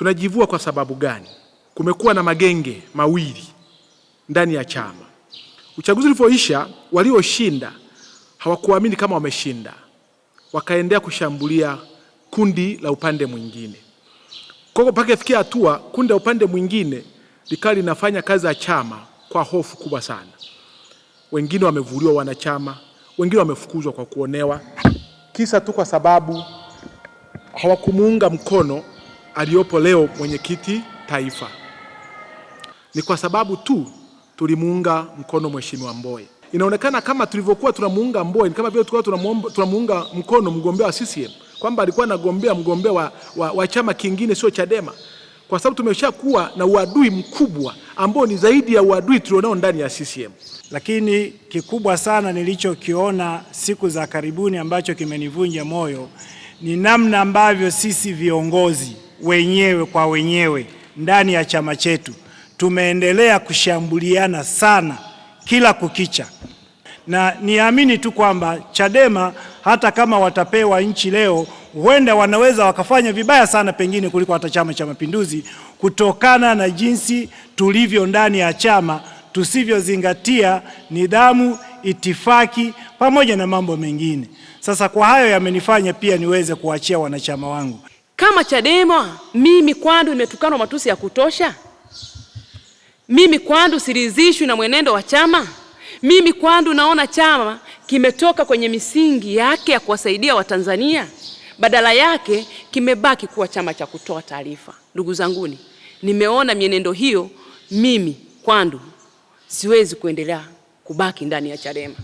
Tunajivua kwa sababu gani? Kumekuwa na magenge mawili ndani ya chama. Uchaguzi ulivyoisha, walioshinda hawakuamini kama wameshinda, wakaendea kushambulia kundi la upande mwingine. Kwa hiyo mpaka ifikia hatua kundi la upande mwingine likawa linafanya kazi ya chama kwa hofu kubwa sana. Wengine wamevuliwa wanachama, wengine wamefukuzwa kwa kuonewa, kisa tu kwa sababu hawakumuunga mkono aliyopo leo mwenyekiti taifa. Ni kwa sababu tu tulimuunga mkono Mheshimiwa mboye Inaonekana kama tulivyokuwa tunamuunga Mboye ni kama vile tulikuwa tunamuunga mkono mgombea wa CCM kwamba alikuwa anagombea mgombea wa, wa, wa chama kingine sio Chadema, kwa sababu tumeshakuwa na uadui mkubwa ambao ni zaidi ya uadui tulionao ndani ya CCM. Lakini kikubwa sana nilichokiona siku za karibuni ambacho kimenivunja moyo ni namna ambavyo sisi viongozi wenyewe kwa wenyewe ndani ya chama chetu. Tumeendelea kushambuliana sana kila kukicha, na niamini tu kwamba Chadema hata kama watapewa nchi leo, huenda wanaweza wakafanya vibaya sana pengine kuliko hata Chama cha Mapinduzi, kutokana na jinsi tulivyo ndani ya chama, tusivyozingatia nidhamu, itifaki pamoja na mambo mengine. Sasa kwa hayo yamenifanya pia niweze kuachia wanachama wangu kama Chadema mimi kwandu nimetukanwa matusi ya kutosha? Mimi kwandu siridhishwi na mwenendo wa chama? Mimi kwandu naona chama kimetoka kwenye misingi yake ya kuwasaidia Watanzania, badala yake kimebaki kuwa chama cha kutoa taarifa. Ndugu zanguni, nimeona mienendo hiyo, mimi kwandu siwezi kuendelea kubaki ndani ya Chadema.